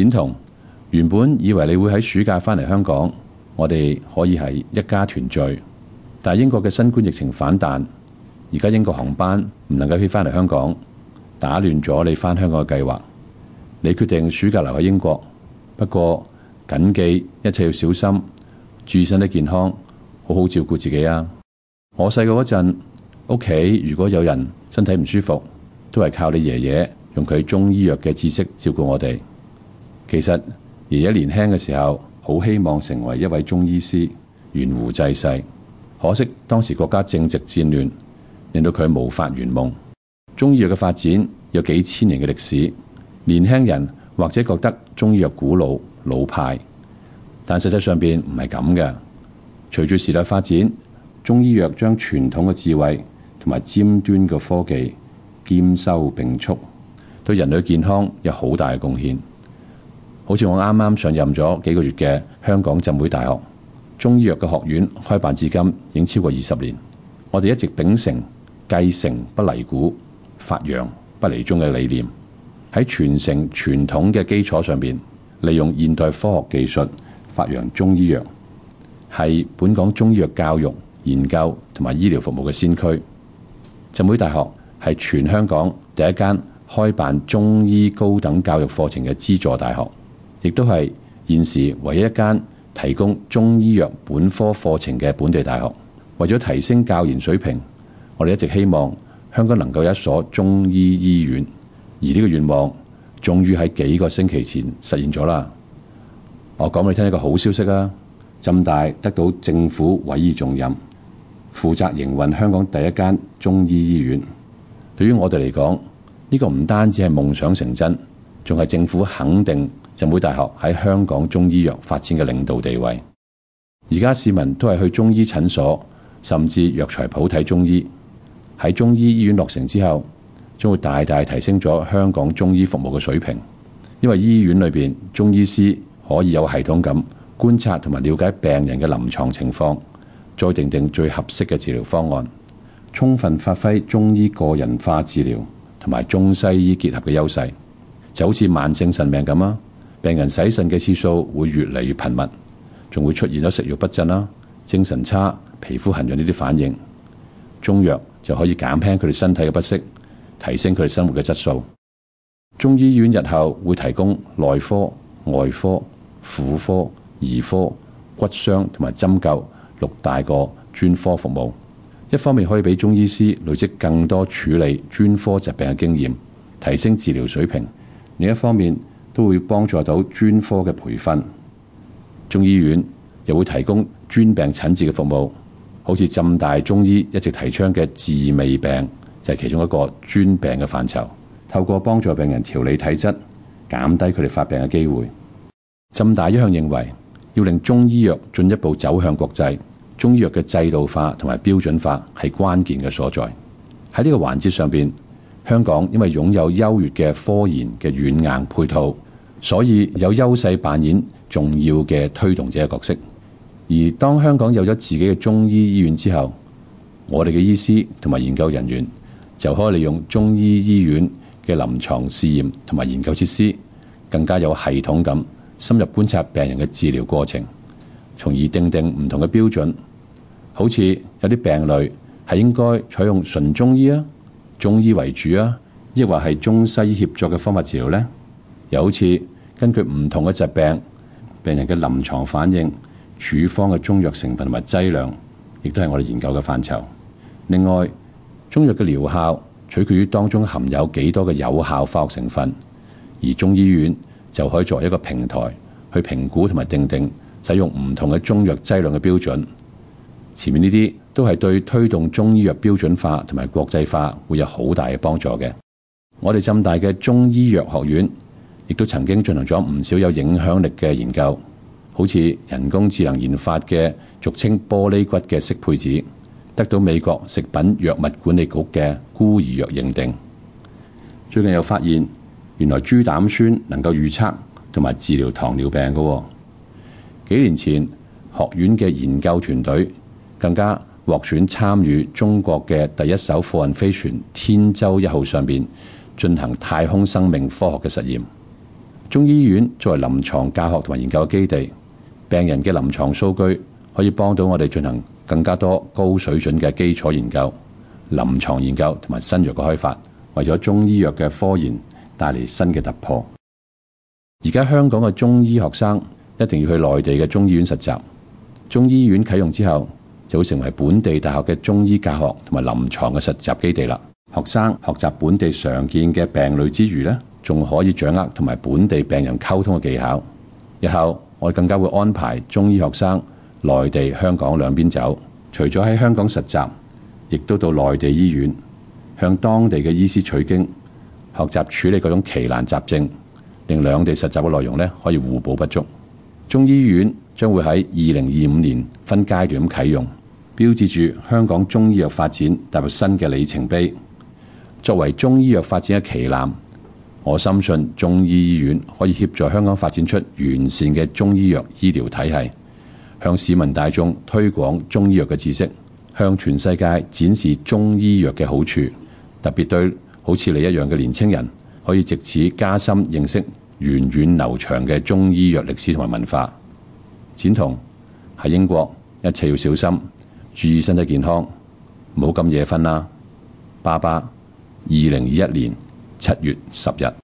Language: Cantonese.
展同原本以為你會喺暑假返嚟香港，我哋可以係一家團聚。但係英國嘅新冠疫情反彈，而家英國航班唔能夠飛返嚟香港，打亂咗你返香港嘅計劃。你決定暑假留喺英國，不過謹記一切要小心，注意身體健康，好好好照顧自己啊！我細個嗰陣屋企，如果有人身體唔舒服，都係靠你爺爺用佢中醫藥嘅知識照顧我哋。其實，爺爺年輕嘅時候好希望成為一位中醫師，懸壺濟世。可惜當時國家正值戰亂，令到佢無法圓夢。中醫藥嘅發展有幾千年嘅歷史，年輕人或者覺得中醫藥古老老派，但實際上邊唔係咁嘅。隨住時代發展，中醫藥將傳統嘅智慧同埋尖端嘅科技兼收並蓄，對人類健康有好大嘅貢獻。好似我啱啱上任咗幾個月嘅香港浸會大學中醫藥嘅學院開辦至今，已經超過二十年。我哋一直秉承繼承不離古、發揚不離中嘅理念，喺傳承傳統嘅基礎上邊，利用現代科學技術發揚中醫藥，係本港中醫藥教育、研究同埋醫療服務嘅先驅。浸會大學係全香港第一間開辦中醫高等教育課程嘅資助大學。亦都係現時唯一一間提供中醫藥本科課程嘅本地大學。為咗提升教研水平，我哋一直希望香港能夠有一所中醫醫院。而呢個願望，終於喺幾個星期前實現咗啦。我講俾你聽一個好消息啦！浸大得到政府委以重任，負責營運香港第一間中醫醫院。對於我哋嚟講，呢個唔單止係夢想成真。仲係政府肯定浸會大學喺香港中醫藥發展嘅領導地位。而家市民都係去中醫診所甚至藥材鋪睇中醫。喺中醫醫院落成之後，將會大大提升咗香港中醫服務嘅水平。因為醫院裏邊中醫師可以有系統咁觀察同埋了解病人嘅臨床情況，再訂定最合適嘅治療方案，充分發揮中醫個人化治療同埋中西醫結合嘅優勢。就好似慢性腎病咁啊，病人洗腎嘅次數會越嚟越頻密，仲會出現咗食慾不振啦、精神差、皮膚痕癢呢啲反應。中藥就可以減輕佢哋身體嘅不適，提升佢哋生活嘅質素。中醫院日後會提供內科、外科、婦科、兒科、骨傷同埋針灸六大個專科服務。一方面可以俾中醫師累積更多處理專科疾病嘅經驗，提升治療水平。另一方面都會幫助到專科嘅培訓，中醫院又會提供專病診治嘅服務，好似浸大中醫一直提倡嘅治未病就係、是、其中一個專病嘅範疇。透過幫助病人調理體質，減低佢哋發病嘅機會。浸大一向認為要令中醫藥進一步走向國際，中醫藥嘅制度化同埋標準化係關鍵嘅所在。喺呢個環節上邊。香港因為擁有優越嘅科研嘅軟硬配套，所以有優勢扮演重要嘅推動者嘅角色。而當香港有咗自己嘅中醫醫院之後，我哋嘅醫師同埋研究人員就可以利用中醫醫院嘅臨床試驗同埋研究設施，更加有系統咁深入觀察病人嘅治療過程，從而訂定唔同嘅標準。好似有啲病類係應該採用純中醫啊，中醫為主啊，抑或係中西醫協作嘅方法治療呢？又好似根據唔同嘅疾病、病人嘅臨床反應、處方嘅中藥成分同埋劑量，亦都係我哋研究嘅範疇。另外，中藥嘅療效取決於當中含有幾多嘅有效化學成分，而中醫院就可以作為一個平台去評估同埋訂定使用唔同嘅中藥劑量嘅標準。前面呢啲。都係對推動中醫藥標準化同埋國際化會有好大嘅幫助嘅。我哋浸大嘅中醫藥學院亦都曾經進行咗唔少有影響力嘅研究，好似人工智能研發嘅俗稱玻璃骨嘅適配子，得到美國食品藥物管理局嘅孤兒藥認定。最近又發現原來豬膽酸能夠預測同埋治療糖尿病嘅。幾年前學院嘅研究團隊更加。獲選參與中國嘅第一艘貨運飛船天舟一號上邊進行太空生命科學嘅實驗。中醫院作為臨床教學同埋研究嘅基地，病人嘅臨床數據可以幫到我哋進行更加多高水準嘅基礎研究、臨床研究同埋新藥嘅開發，為咗中醫藥嘅科研帶嚟新嘅突破。而家香港嘅中醫學生一定要去內地嘅中醫院實習。中醫醫院啟用之後。就會成為本地大學嘅中醫教學同埋臨床嘅實習基地啦。學生學習本地常見嘅病類之餘呢，呢仲可以掌握同埋本地病人溝通嘅技巧。日後我更加會安排中醫學生內地、香港兩邊走，除咗喺香港實習，亦都到內地醫院向當地嘅醫師取經，學習處理嗰種奇難雜症，令兩地實習嘅內容呢可以互補不足。中醫院將會喺二零二五年分階段咁啟用。標誌住香港中醫藥發展踏入新嘅里程碑。作為中醫藥發展嘅旗艦，我深信中醫醫院可以協助香港發展出完善嘅中醫藥醫療體系，向市民大眾推廣中醫藥嘅知識，向全世界展示中醫藥嘅好處。特別對好似你一樣嘅年青人，可以藉此加深認識源遠流長嘅中醫藥歷史同埋文化。展同喺英國，一切要小心。注意身體健康，唔好咁夜瞓啦，爸爸，二零二一年七月十日。